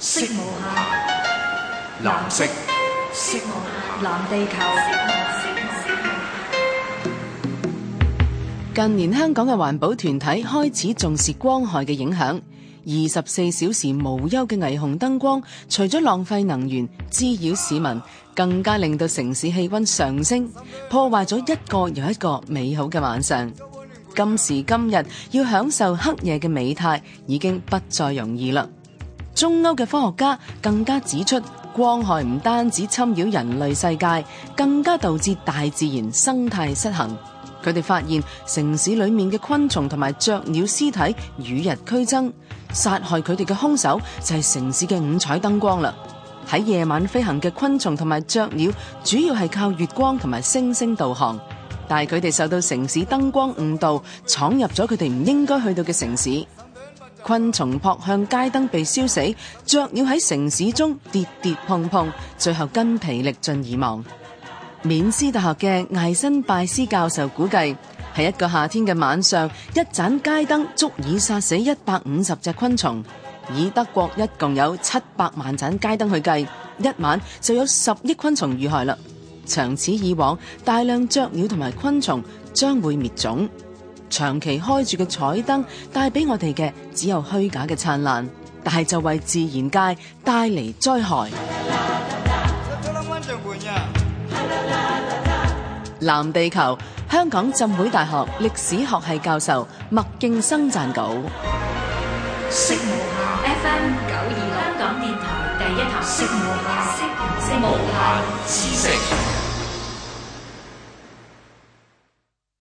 色無藍色，色藍地球。近年香港嘅環保團體開始重視光害嘅影響。二十四小時無休嘅霓虹燈光，除咗浪費能源、滋擾市民，更加令到城市氣溫上升，破壞咗一個又一個美好嘅晚上。今時今日，要享受黑夜嘅美態，已經不再容易啦。中歐嘅科學家更加指出，光害唔單止侵擾人類世界，更加導致大自然生態失衡。佢哋發現，城市裏面嘅昆蟲同埋雀鳥屍體與日俱增，殺害佢哋嘅兇手就係城市嘅五彩燈光啦。喺夜晚飛行嘅昆蟲同埋雀鳥，主要係靠月光同埋星星導航，但係佢哋受到城市燈光誤導，闖入咗佢哋唔應該去到嘅城市。昆蟲撲向街燈被燒死，雀鳥喺城市中跌跌碰碰，最後筋疲力盡而亡。緬斯大學嘅艾辛拜斯教授估計，喺一個夏天嘅晚上，一盞街燈足以殺死一百五十隻昆蟲。以德國一共有七百萬盞街燈去計，一晚就有十億昆蟲遇害啦。長此以往，大量雀鳥同埋昆蟲將會滅種。長期開住嘅彩燈，帶俾我哋嘅只有虛假嘅燦爛，但係就為自然界帶嚟災害。藍地球，香港浸會大學歷史學系教授麥勁生撰稿。